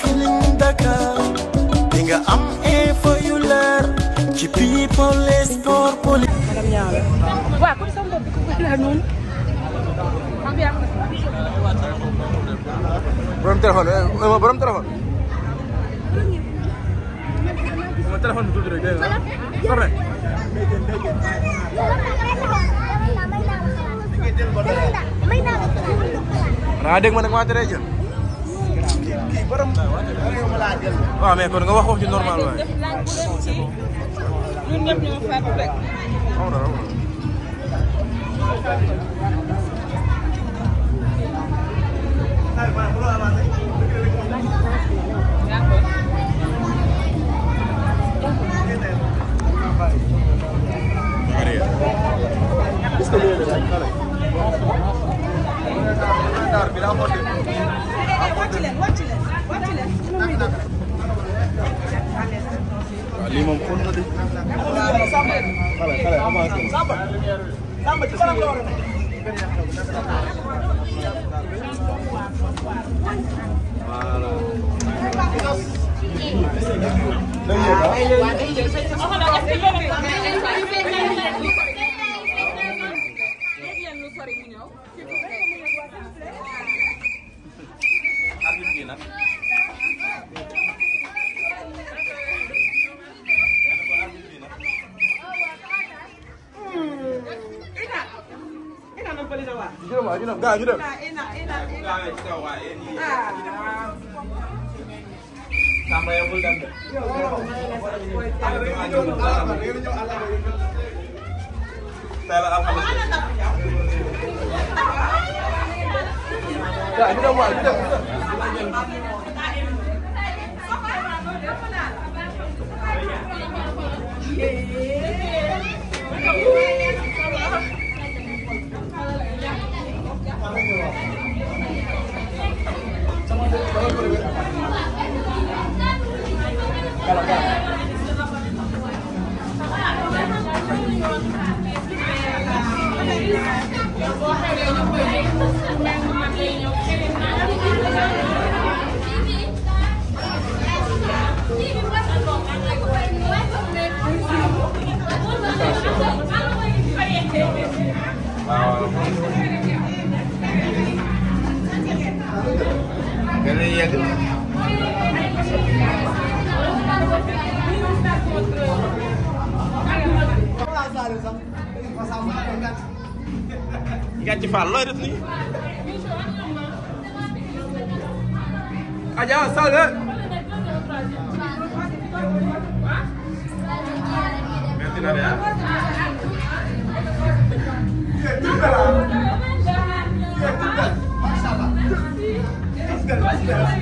Feeling Dakar di nga am info yu leer ci people les sports poli. madame Niang la waaw comme sama bopp ku ko laa noonu. borom téléphone borom téléphone. ma téléphone bi tuuti rek dégg nga. dégg nga dégg nga. waaw mais kon nga wax wax ci normal waaye. ñun ñëpp ñoo faatu rek. waaw waaw. lii moom fóon na de. xale xale avancé. voilà. kanam bëri na waay. jërëjëf waay ñu dem gars ñu dem. Samba yow bul dem de. tey la alhamdulilah. gars ñu dem waay ñu dem. Yeah. Kalau gàcc faal looy def nii aja salve Gracias.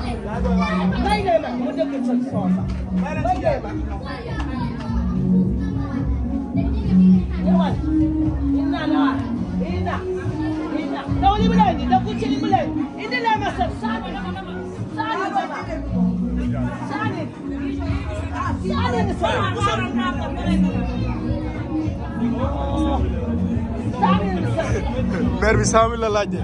may leen ma mu dëkk sa soosa may leen ma ñëwal inna la inna inna daw li mu leen di daw ci li mu leen indi leen ma sa saani saani ba ma saani saani sa saani sa maire bi saami la laajee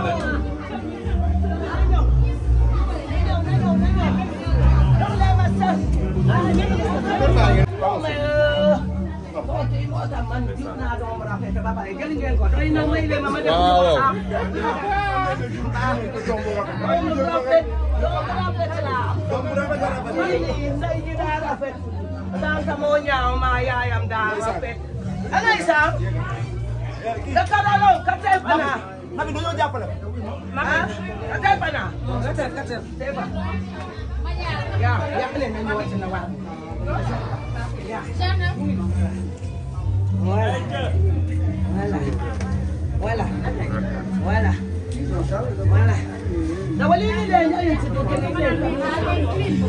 waaw Santa moo ñaaw maa yaayam daal rafet alay saam da kalalow ka tey fana mami dañoo jàppale mami ka tey fana ka tey ka tey fa yaa yàqale na ñu wàcc na waa yaa voilà Voilà. Voilà. Voilà. Da wali ne da yanzu ayyuka to ke ne.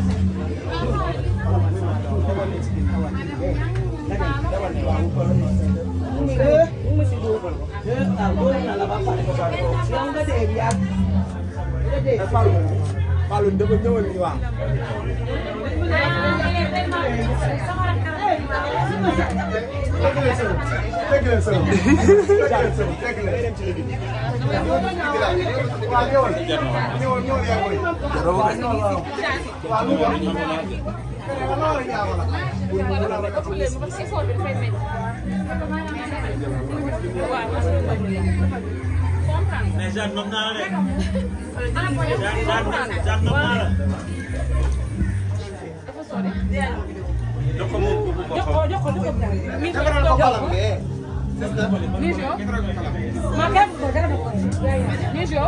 Balun da gunyo ne wa. Eh, mais Jeanne nopp naa la de. Jeanne Jeanne nopp naa la. jox ko jox ko lu ëpp dara. mille francs jox ko Mijo. maa ngi ko dara ma ko. Mijo. Mijo.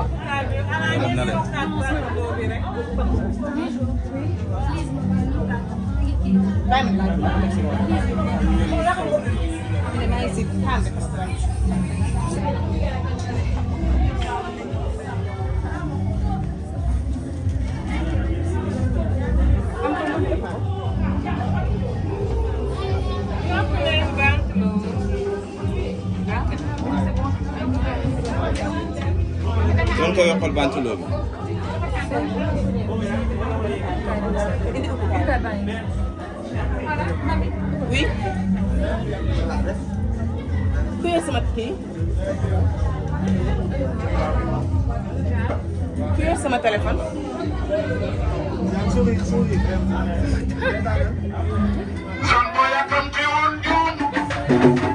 ko yokkal bantuloo bi. oui. kuyee sama kii. kuyee sama téléphone. Saan boo yàkkamti woon juum.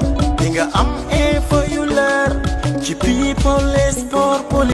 dinga am info yu leer ci people et sport